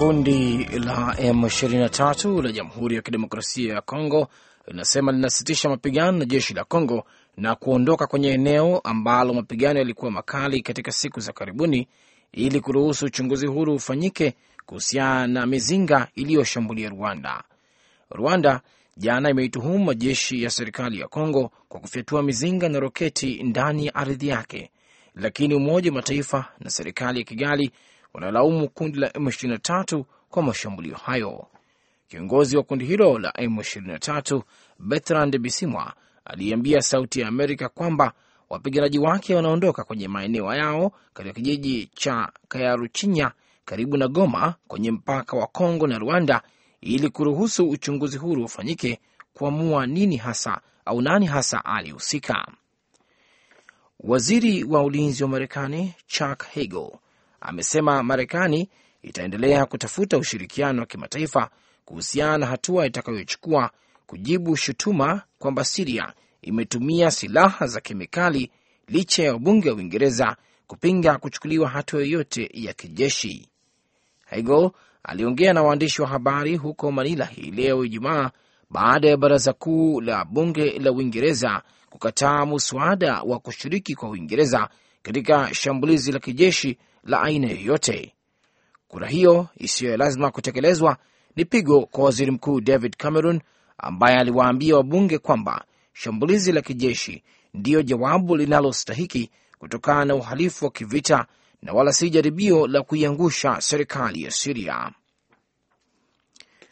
Kundi la M23 la Jamhuri ya Kidemokrasia ya Kongo linasema linasitisha mapigano na jeshi la Kongo na kuondoka kwenye eneo ambalo mapigano yalikuwa makali katika siku za karibuni ili kuruhusu uchunguzi huru ufanyike kuhusiana na mizinga iliyoshambulia Rwanda. Rwanda jana imeituhumu majeshi ya serikali ya Kongo kwa kufyatua mizinga na roketi ndani ya ardhi yake, lakini Umoja wa Mataifa na serikali ya Kigali wanalaumu kundi la M23 kwa mashambulio hayo. Kiongozi wa kundi hilo la M23 Bertrand Bisimwa aliambia Sauti ya Amerika kwamba wapiganaji wake wanaondoka kwenye maeneo yao katika kijiji cha Kayaruchinya karibu na Goma kwenye mpaka wa Kongo na Rwanda ili kuruhusu uchunguzi huru ufanyike kuamua nini hasa au nani hasa alihusika. Waziri wa ulinzi wa Marekani Chuck Hagel amesema Marekani itaendelea kutafuta ushirikiano wa kimataifa kuhusiana na hatua itakayochukua kujibu shutuma kwamba Siria imetumia silaha za kemikali licha ya wabunge wa Uingereza kupinga kuchukuliwa hatua yoyote ya kijeshi. Hegel aliongea na waandishi wa habari huko Manila hii leo Ijumaa baada ya baraza kuu la bunge la Uingereza kukataa muswada wa kushiriki kwa Uingereza katika shambulizi la kijeshi la aina yoyote. Kura hiyo isiyo lazima kutekelezwa ni pigo kwa waziri mkuu David Cameron ambaye aliwaambia wabunge kwamba shambulizi la kijeshi ndiyo jawabu linalostahiki kutokana na uhalifu wa kivita na wala si jaribio la kuiangusha serikali ya Siria.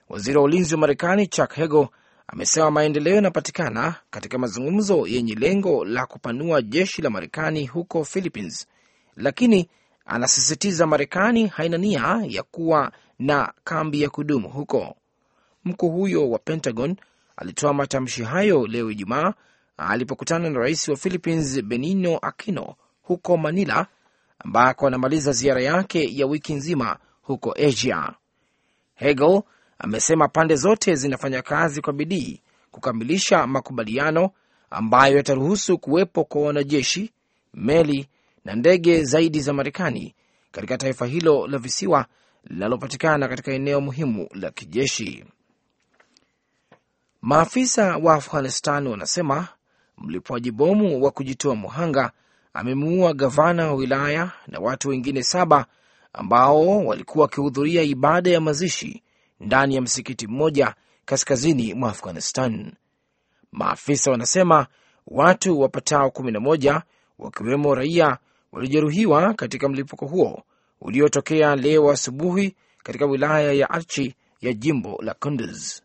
Waziri wa ulinzi wa Marekani Chuck Hagel amesema maendeleo yanapatikana katika mazungumzo yenye lengo la kupanua jeshi la Marekani huko Philippines, lakini anasisitiza Marekani haina nia ya kuwa na kambi ya kudumu huko. Mkuu huyo wa Pentagon alitoa matamshi hayo leo Ijumaa alipokutana na rais wa Philippines Benigno Aquino huko Manila, ambako anamaliza ziara yake ya wiki nzima huko Asia. Hegel amesema pande zote zinafanya kazi kwa bidii kukamilisha makubaliano ambayo yataruhusu kuwepo kwa wanajeshi, meli na ndege zaidi za Marekani katika taifa hilo la visiwa linalopatikana katika eneo muhimu la kijeshi. Maafisa wa Afghanistan wanasema mlipuaji bomu wa kujitoa muhanga amemuua gavana wa wilaya na watu wengine saba ambao walikuwa wakihudhuria ibada ya mazishi ndani ya msikiti mmoja kaskazini mwa Afghanistan. Maafisa wanasema watu wapatao kumi na moja wakiwemo raia waliojeruhiwa katika mlipuko huo uliotokea leo asubuhi katika wilaya ya Archi ya jimbo la Kunduz.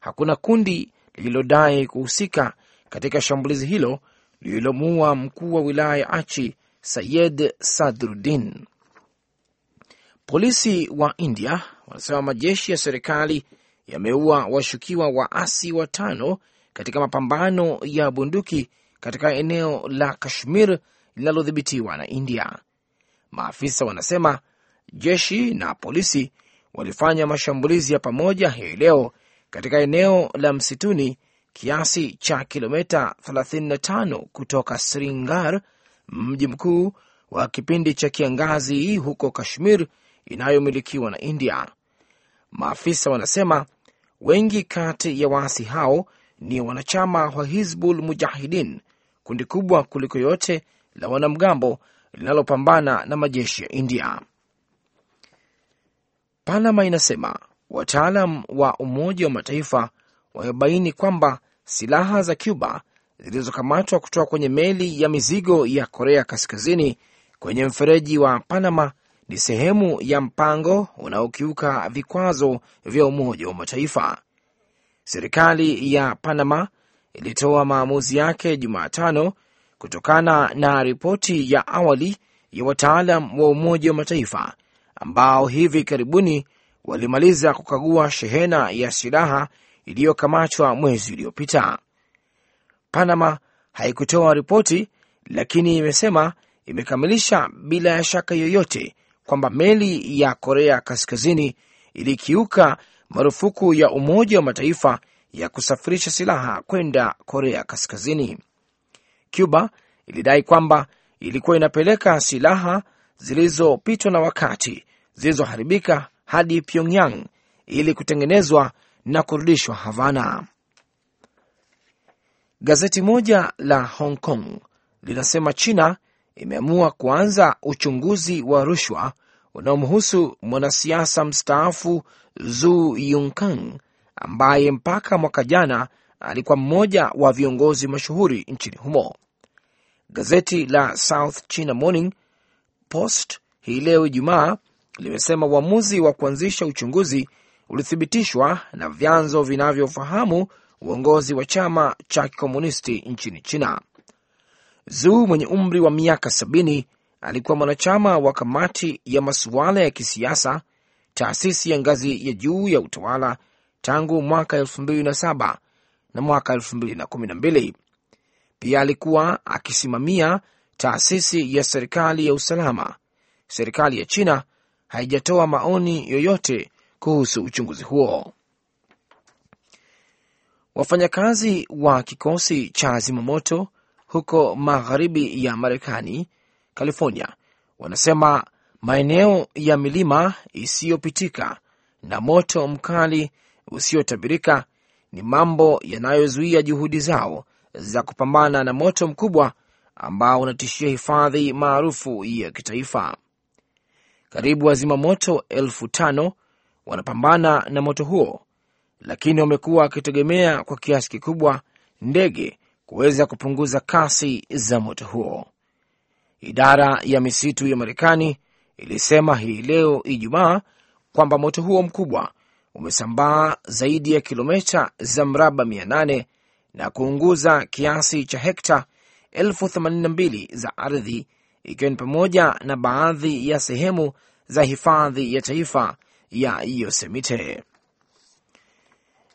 Hakuna kundi lililodai kuhusika katika shambulizi hilo lililomuua mkuu wa wilaya ya Achi Sayed Sadruddin. Polisi wa India wanasema majeshi ya serikali yameua washukiwa waasi watano katika mapambano ya bunduki katika eneo la Kashmir linalodhibitiwa na India. Maafisa wanasema jeshi na polisi walifanya mashambulizi ya pamoja hii leo katika eneo la msituni kiasi cha kilomita 35 kutoka Sringar, mji mkuu wa kipindi cha kiangazi huko Kashmir inayomilikiwa na India. Maafisa wanasema wengi kati ya waasi hao ni wanachama wa Hizbul Mujahidin, kundi kubwa kuliko yote la wanamgambo linalopambana na majeshi ya India. Panama inasema wataalam wa Umoja wa Mataifa wamebaini kwamba silaha za Cuba zilizokamatwa kutoka kwenye meli ya mizigo ya Korea Kaskazini kwenye mfereji wa Panama ni sehemu ya mpango unaokiuka vikwazo vya Umoja wa Mataifa. Serikali ya Panama ilitoa maamuzi yake Jumatano kutokana na ripoti ya awali ya wataalam wa Umoja wa Mataifa ambao hivi karibuni walimaliza kukagua shehena ya silaha iliyokamatwa mwezi uliopita. Panama haikutoa ripoti, lakini imesema imekamilisha bila ya shaka yoyote kwamba meli ya Korea Kaskazini ilikiuka marufuku ya Umoja wa Mataifa ya kusafirisha silaha kwenda Korea Kaskazini. Cuba ilidai kwamba ilikuwa inapeleka silaha zilizopitwa na wakati zilizoharibika hadi Pyongyang ili kutengenezwa na kurudishwa Havana. Gazeti moja la Hong Kong linasema China imeamua kuanza uchunguzi wa rushwa unaomhusu mwanasiasa mstaafu Zu Yunkang ambaye mpaka mwaka jana alikuwa mmoja wa viongozi mashuhuri nchini humo. Gazeti la South China Morning Post hii leo Ijumaa limesema uamuzi wa kuanzisha uchunguzi ulithibitishwa na vyanzo vinavyofahamu uongozi wa chama cha kikomunisti nchini China. Zu mwenye umri wa miaka sabini alikuwa mwanachama wa kamati ya masuala ya kisiasa, taasisi ya ngazi ya juu ya utawala tangu mwaka elfu mbili na saba na mwaka mbili. Pia alikuwa akisimamia taasisi ya serikali ya usalama. Serikali ya China haijatoa maoni yoyote kuhusu uchunguzi huo. Wafanyakazi wa kikosi cha zimamoto huko magharibi ya Marekani, California, wanasema maeneo ya milima isiyopitika na moto mkali usiotabirika ni mambo yanayozuia juhudi zao za kupambana na moto mkubwa ambao unatishia hifadhi maarufu ya kitaifa. Karibu wazima moto elfu tano wanapambana na moto huo, lakini wamekuwa wakitegemea kwa kiasi kikubwa ndege kuweza kupunguza kasi za moto huo. Idara ya misitu ya Marekani ilisema hii leo Ijumaa kwamba moto huo mkubwa umesambaa zaidi ya kilomita za mraba 800 na kuunguza kiasi cha hekta 82 za ardhi ikiwa ni pamoja na baadhi ya sehemu za hifadhi ya taifa ya Yosemite.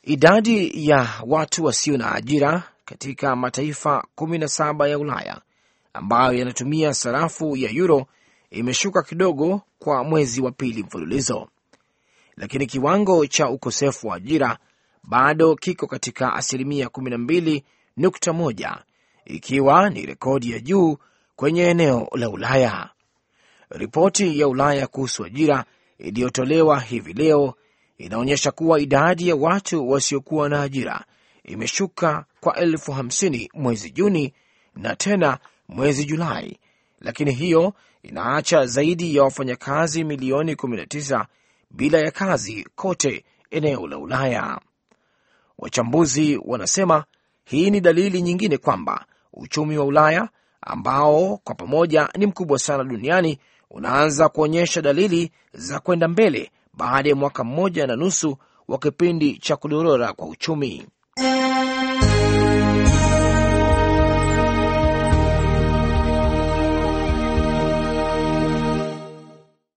Idadi ya watu wasio na ajira katika mataifa 17 ya Ulaya ambayo yanatumia sarafu ya euro imeshuka kidogo kwa mwezi wa pili mfululizo lakini kiwango cha ukosefu wa ajira bado kiko katika asilimia 12.1 ikiwa ni rekodi ya juu kwenye eneo la Ulaya. Ripoti ya Ulaya kuhusu ajira iliyotolewa hivi leo inaonyesha kuwa idadi ya watu wasiokuwa na ajira imeshuka kwa elfu hamsini mwezi Juni na tena mwezi Julai, lakini hiyo inaacha zaidi ya wafanyakazi milioni bila ya kazi kote eneo la Ulaya. Wachambuzi wanasema hii ni dalili nyingine kwamba uchumi wa Ulaya ambao kwa pamoja ni mkubwa sana duniani unaanza kuonyesha dalili za kwenda mbele baada ya mwaka mmoja na nusu wa kipindi cha kudorora kwa uchumi.